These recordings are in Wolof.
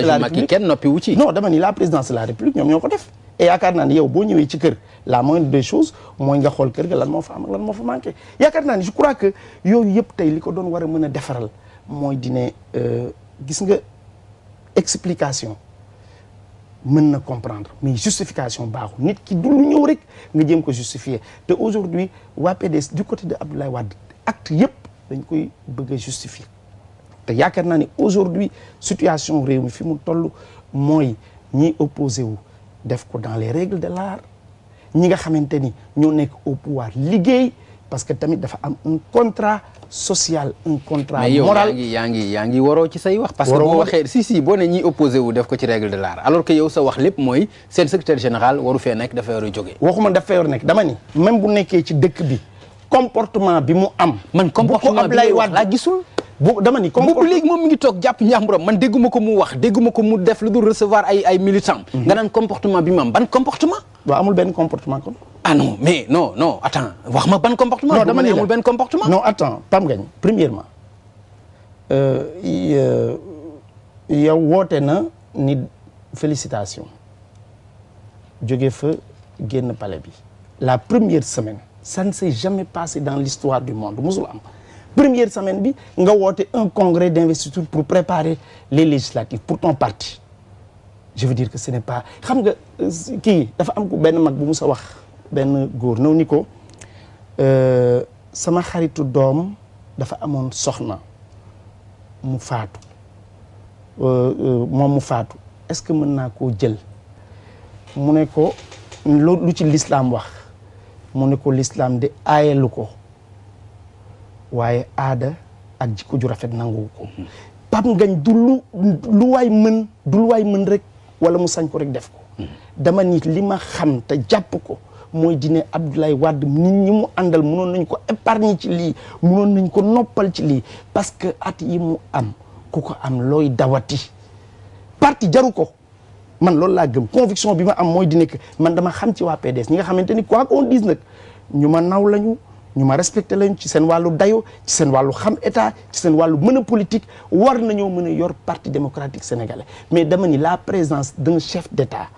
de la république kenn ci. non dama ni la présidence de la république ñoom ñoo ko def et yaakaar ni yow boo ñëwee ci kër la moindre des choses mooy nga xool kër ga lan moo am lan moo fa manqué yaakaar naa ni je crois que yooyu yëpp tey li ko doon war a mën a defaral mooy dine euh, gis nga explication mën na comprendre mais justification baaxul nit ki du lu ñëw rek nga jéem ko justifier te aujourd'hui waa PDS du côté de Abdoulaye Wade acte yëpp dañ koy bëgg a justifier te yaakaar naa ne aujourd'hui situation réew mi fi mu toll mooy ñiy opposé wu def ko dans les règles de l'art ñi nga xamante ni ñoo nekk au pouvoir liggéey parce que tamit dafa am un contrat social un contrat moral mais yaa ngi yaa ngi waroo ci say wax parce que boo waxee si si boo ne ñiy opposé wu def ko ci règle de l'art alors que yow sa wax lépp mooy seen secrétaire général waru fee nekk dafa war a jógee waxuma dafa war nekk dama ni même bu nekkee ci dëkk bi comportement bi mu am man comportement bi bu dama ni comme bu moom mi ngi toog jàpp man dégguma ko mu wax dégguma ko mu def lu dul recevoir ay ay militants. Mhm. nga naan comportement bi mu am ban comportement. waaw amul benn comportement kon. ah non mais non non attends wax ma ban comportement. non dama benn comportement. non attends Pam Gagne premièrement. Euh, euh, yow woote na ni félicitation jóge fa génn pale bi la première semaine ça ne s'est jamais passé dans l'histoire du monde musul am. première semaine bi nga woote un congrès d'investiture pour préparer les législatives pour ton parti je veux dire que ce n'est pas xam nga euh, kii dafa am ku benn mag bu mu sa wax benn góor naw ni ko euh, sama xaritu doom dafa amoon soxna mu faatu euh, moom mu faatu est-ce que mën naa koo jël mu ne ko lu ci lislaam wax mu ne ko lislaam di aayalu ko waaye aada ak jikko ju rafet nanguwu ngañ Pape du lu mën du lu waay mën rek wala mu sañ ko rek def ko dama nit li ma xam te jàpp ko mooy dine Abdoulaye Wade nit ñi mu àndal mënoon nañ ko épargne ci lii mënoon nañ ko noppal ci lii parce que at yi mu am ku ko am looy dawati parti jaru ko man loolu laa gëm conviction bi ma am mooy di nekk man dama xam ci waa PDS ñi nga xamante ni quoi qu'on dise nag ñu ma naw lañu ñu ma respecté lañ ci seen wàllu dayo ci seen wàllu xam état ci seen wàllu mën a politique war nañoo mën a yor parti démocratique sénégalais mais dama ni la présence d'un chef d'état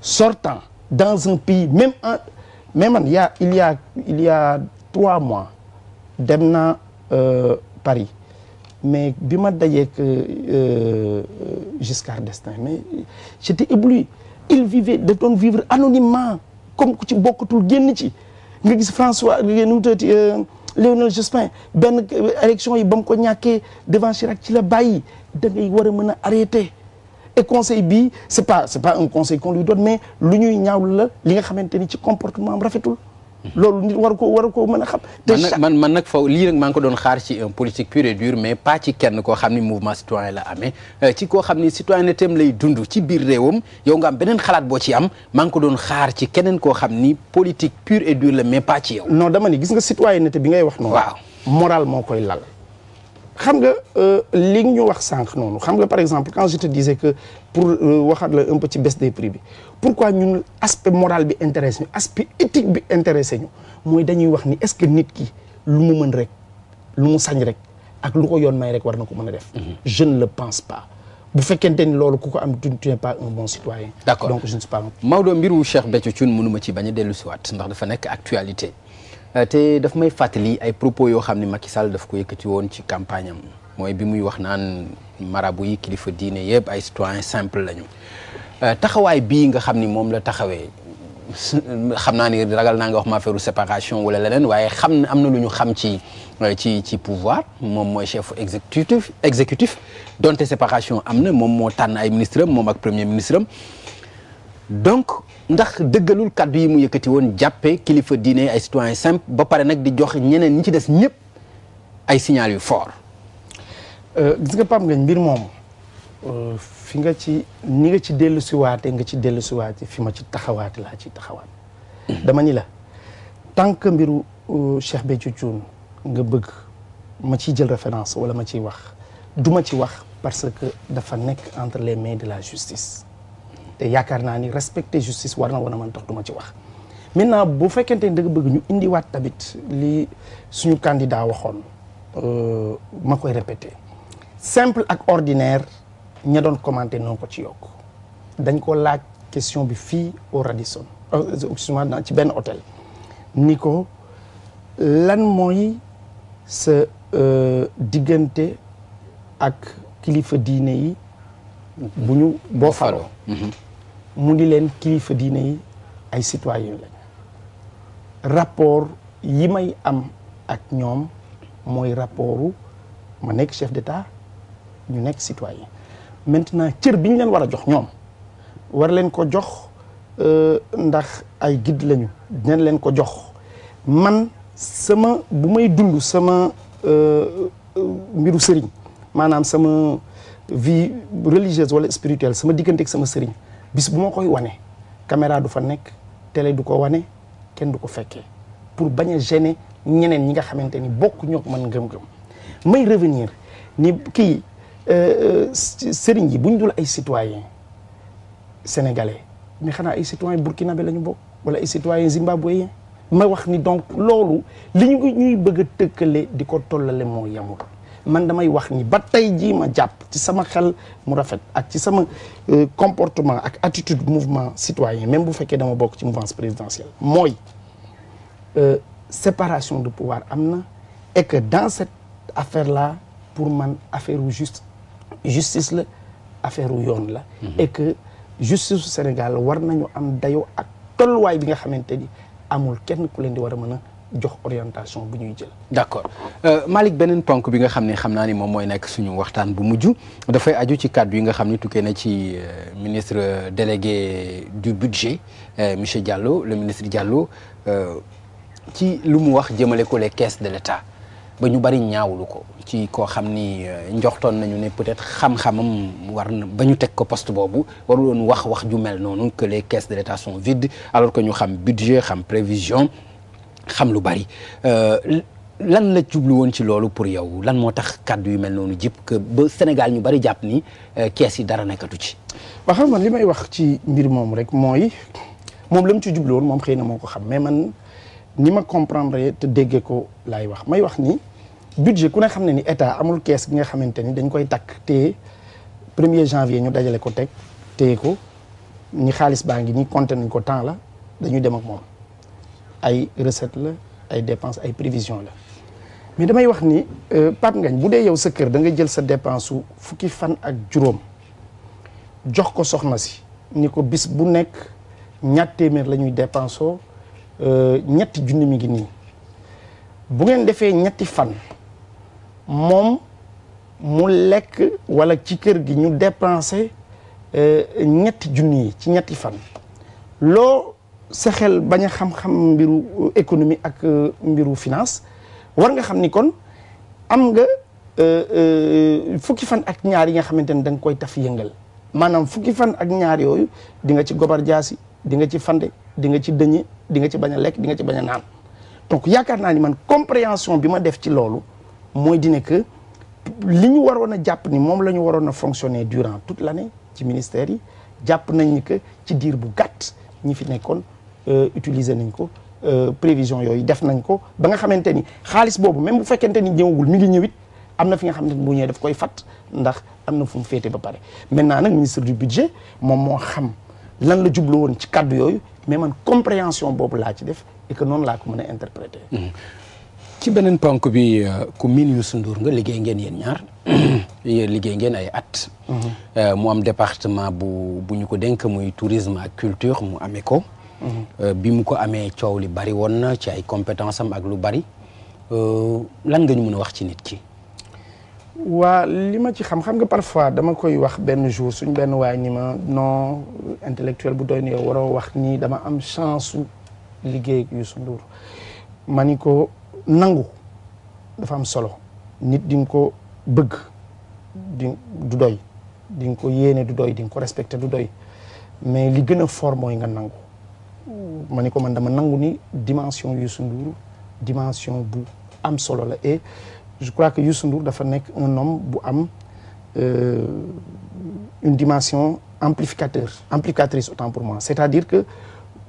sortant dans un pays même en mais man y a il y trois mois dem naa euh, Paris mais bi ma dajeeg euh, euh, Giscard d'Estaing mais j'étais ébloui il vivait da doon vivre anonymement comme ku ci bokkatul génn ci nga gis François nu mu tëddee euh, Léonel Jospin benn euh, élection yi ba mu ko ñàkkee devant Chirac ci la bàyyi da ngay war a mën a arrêté. et conseil bi c'est pas c'est pas un conseil qu'on lui mais lu ñuy ñaawlu la li nga xamante ni ci comportement am rafetul. loolu war ko war ko mën a xam. te man man nag foofu lii nag maa ngi ko doon xaar ci un euh, politique pure et dure mais pas ci kenn koo xam ni mouvement citoyen la amee euh, ci koo xam ni citoyenneté am lay dund ci biir réewam yow nga am xalaat boo ci am maa ngi ko doon xaar ci keneen koo xam ni politique pure et dure la mais pas ci yow. non dama ni gis nga citoyenneté bi ngay wax no waaw moral moo koy lal. xam nga euh, li ñu wax sànq noonu xam nga par exemple quand je te disais que euh, waxaat la un peu ci baisse des prix bi pourquoi ñun aspect moral bi intéresse ñu aspect éthique bi intéressé ñu mooy dañuy wax ni est-ce que nit ki lu mu mën rek lu mu sañ rek ak lu ko yoon may rek war na ko mën a def. Mhm. je ne le pense pas. bu fekkente ni loolu ku ko am tu n'es pas un bon citoyen. d'accord donc je ne suis pas un. mbiru Cheikh Béthio Thioune mënuma ci bañ a dellusiwaat ndax dafa nekk actualité. Euh, te daf may fàttali ay propos yoo xam ne Macky Sall daf ko yëkkati woon ci campagne am mooy bi muy wax naan marabu kilifa diine yëpp ay citoyen simple lañu euh, taxawaay bii nga xam ni moom la taxawee xam naa ni ragal naa nga wax ma affaire séparation wala leneen waaye xam na am na lu ñu xam ci euh, ci ci pouvoir moom mooy chef exécutif exécutif donte séparation am na moom moo tànn ay ministre am moom ak premier ministre am donc ndax dëggalul kàddu yi mu yëkkati woon jàppee kilifa diine ay citoyen ba pare nag di jox ñeneen ñi ci des ñëpp ay signal yu fort. Euh, gis nga Pape Ngagne mbir moom euh, fi nga ci ni nga ci dellu siwaate nga ci dellu siwaate fi ma ci taxawaate laa ci taxawaat dama ni la tant que mbiru euh, Cheikh Béthio Thioune nga bëgg ma ci jël référence wala ma ciy wax du ma ci wax parce que dafa nekk entre les mains de la justice te yaakaar naa ni respecte justice war na woon a man tax duma ci wax maintenant bu fekkente ni da bëgg ñu indiwaat tamit lii suñu candidat waxoon euh, ma koy répété simple ak ordinaire ña doon commenté noonu ko ci yokk dañ ko laaj question bi fii au Radisson euh, excuse-moi ci benn hôtel ni ko lan mooy sa euh, diggante ak kilifa diine yi bu ñu boo faroo mm-hmm. mu ni leen kilifa diine yi ay citoyen lañ rapport yi may am ak ñoom mooy rapportu ma nekk chef d'état ñu nekk citoyen maintenant cër bi ñu leen war a jox ñoom war leen ko jox euh, ndax ay guide lañu dinañ leen ko jox man sama bu may dund sama euh, mbiru sëriñ maanaam sama vie religieuse wala spirituelle sama diggante ak sama sëriñ bis bu ma koy wanee caméra du fa nekk tele du ko wane kenn du ko fekkee pour bañ a gêner ñeneen ñi nga xamante ni bokk ñoo man gëm-gëm may revenir ni kii euh, euh, sëriñ yi bu ñu dul ay citoyen sénégalais mais xanaa ay citoyen burkinabé la lañu bokk wala ay citoyen zimbabwéen ma wax ni donc loolu li ñu ñuy bëgg tëkkale di ko tollale moo yamul man damay wax ni ba tey jii ma jàpp ci sama xel mu rafet ak ci sama euh, comportement ak attitude mouvement citoyen même bu fekkee dama bokk ci mouvance présidentielle mooy euh, séparation de pouvoir am na et que dans cette affaire là pour man affaire wu juste justice la affaire wu yoon la mhm. et que justice Sénégal war nañu am dayoo ak tolluwaay bi nga xamante ni amul kenn ku leen di war a mën a jox orientation bu ñuy jël. d' accord euh, Malick beneen ponk bi nga xam ne xam naa ni moom mooy nekk suñu waxtaan bu mujj dafay aju ci kàddu yi nga xam ni tukkee na ci euh, ministre euh, délégué du budget monsieur jàllo le ministre Diallo ci lu mu wax jëmale ko les caisses de l' état ba ñu bari ñaawlu ko ci koo xam ni njoxtoon nañu ne peut-être xam-xamam war na ba ñu teg ko poste boobu waru waruloon wax wax ju mel noonu que les caisses de l' état sont alors que ñu xam budget xam prévision. xam lu bari euh, lan la jublu woon ci loolu pour yow lan moo tax kàddu yu mel noonu jip que ba Sénégal ñu bari jàpp ni euh, kees yi dara nekkatu ci. ba xam man li may wax ci mbir moom rek mooy moom la ci jublu woon moom xëy na moo ko xam mais man ni ma comprendre te déggee ko laay wax may wax ni budget ku ne xam ne ni état amul kees gi nga xamante ni dañ koy takk te premier er janvier ñu dajale ko teg téye ko ñi xaalis baa ngi nii compté nañ ko temps la dañuy dem moom. ay recette la ay dépense ay prévision la mais damay wax ni euh, Pape ngañ bu dee yow sa kër da nga jël sa dépense su fukki fan ak juróom jox ko soxna si ni ko bis bu nekk ñatt téeméer la ñuy dépensoo euh, ñetti junni mi ngi nii bu ngeen defee ñetti fan moom mu lekk walla ci kër gi ñu dépensé euh, ñetti junni yi ci ñetti fan loo sa xel bañ a xam-xam mbiru euh, économie ak euh, mbiru finance war nga xam ni kon am nga euh, fukki fan ak ñaar yi nga xamante ni da nga koy taf yëngal maanaam fukki fan ak ñaar yooyu di nga ci gobar jaasi di nga ci fande di nga ci dëñe di nga ci bañ a lekk di nga ci bañ a naan donc yaakaar naa ni man compréhension bi ma def ci loolu mooy di ne que li ñu waroon a jàpp ni moom la ñu waroon a fonctionner durant tout la l'année ci ministère yi jàpp nañ ni que ci diir bu gàtt ñi fi nekkoon Euh, utiliser nañ ko euh, prévision yooyu def nañ ko ba nga xamante ni xaalis boobu même bu fekkente ni ñëwagul mi ngi ñëwit am na fi nga xamante ni bu ñëwee def koy fat ndax am na fu mu féete ba pare maintenant nag ministre du budget moom moo xam lan la jublu woon ci kaddu yooyu mais man compréhension boobu laa ci def et que noonu laa ko mën a interpréter. Hmm. ci beneen ponk bi euh, ku miin Youssou Ndour nga liggéey ngeen yéen ñaar hmm. liggéey ngeen ay at. Hmm. mu am département bu bu ñu ko denk muy tourisme ak culture mu amee ko. Euh, bi mu ko amee coow li bari woon na ci ay compétence am ak lu bari euh, lan nga ñu mën a wax ci nit ki. waa li ma ci xam-xam nga parfois dama koy wax benn jour suñ benn waay ni ma non intellectuel bu doy ni yow waroo wax nii dama am chance liggéey ak Youssou Ndour ma ni ko nangu dafa am solo nit di ko bëgg di du doy di ko yéene du doy di nga ko respecté du doy mais li gën a fort mooy nga nangu ma ni ko man dama nangu ni dimension Youssou Ndour dimension bu am solo la et je crois que Youssou Ndour dafa nekk un nom bu am euh, une dimension amplificateur amplificatrice autant pour moi c'est-à-dire que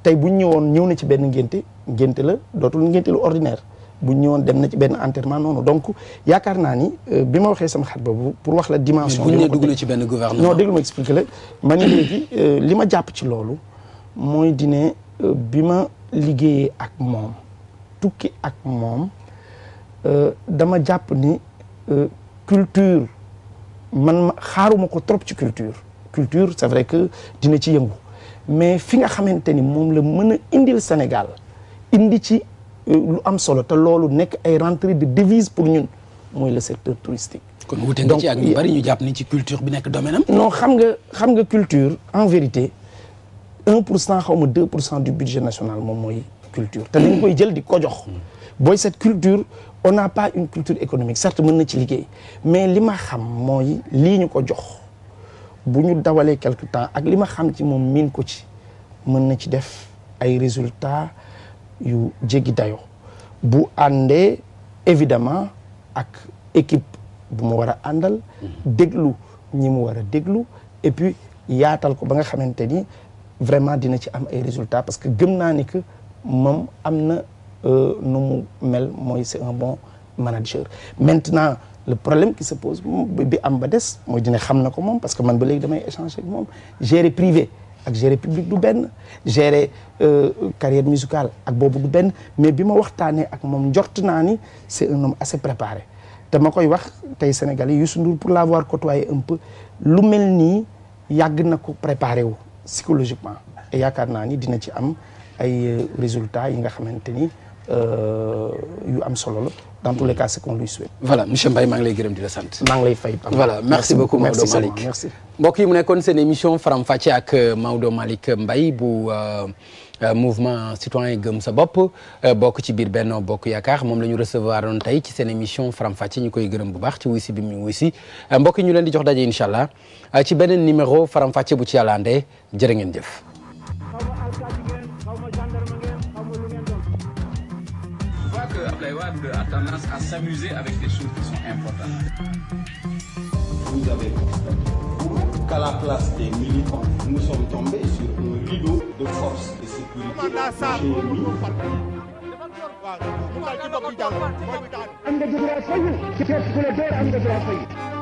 tey bu ñëwoon ñëw na ci benn ngénte ngénte la dootul ngénte lu ordinaire bu ñu ñëwoon dem na ci benn enterrement noonu donc yaakaar naa ni euh, bi ma waxee sama xat boobu pour wax la dimension. mais bu ñu dugalee ci benn gouvernement. non déglu ma expliqué la man léegi euh, li ma jàpp ci loolu Euh, bi ma liggéeyee ak moom tukki ak moom euh, dama jàpp ni euh, culture man ma xaaruma ko trop ci culture culture c'est vrai que dina ci yëngu mais fi nga xamante ni moom la mën a indil Sénégal indi ci lu am solo te loolu nekk ay rentrée de devise pour ñun mooy le secteur touristique kon wute nga ci ak ñu bari ñu jàpp ni ci culture bi nekk domaine am non xam nga xam nga culture en vérité un pour cent xaw ma deux pour cent du budget national moom mooy culture te dañ koy jël di ko jox booy cette culture on n'a pas une culture économique certes mën na ci liggéey mais li ma xam mooy lii ñu ko jox bu ñu dawalee quelque temps ak li ma xam ci moom miin ko ci mën na ci def ay résultats yu jéggi dayo bu àndee évidemment ak équipe bu mu war a àndal déglu ñi mu war a déglu et puis yaatal ko ba nga xamante ni vraiment dina ci am ay résultats parce que gëm naa ni que moom am na euh, nu mu mel mooy c'est un bon manager maintenant le problème qui se pose bi am ba des mooy dina xam na ko moom parce que man ba léegi damay échanger ak moom gérer privé ak gérer public du benn gérer euh, carrière musicale ak boobu du benn mais bi ma waxtaanee ak moom jort naa ni c'est un homme assez préparé te ma koy wax tey Sénégalais Youssou Ndour pour l'avoir côtoyé un peu lu mel nii yàgg na ko préparé wu psychologiquement et yaakaar naa ni dina ci am ay euh, résultats yi nga xamante ni euh, yu am solo la dans tous les cas ce monsieur Mbaye maa ngi lay gërëm di la sant. maa ngi lay fay voilà merci beaucoup Maodo Malick merci mbokk yi mu nekkoon seen émission Faram Facce ak euh, Maodo Malick Mbaye bu euh, euh, mouvement citoyen gëm sa bopp bokk ci biir Benno Bokk Yaakaar moom la ñu recevoir oon tey ci seen émission Faram Facce ñu koy gërëm bu baax ci wuy si bi mu wuy si mbokk yi leen di jox daje incha allah ci beneen numéro Faram Facce bu ci yàlla andee jërë ngeen jëf. tendance à s'amuser avec des choses qui sont importantes. Vous avez constaté qu'à la place des militants, nous sommes tombés sur un rideau de forces de sécurité chez nous.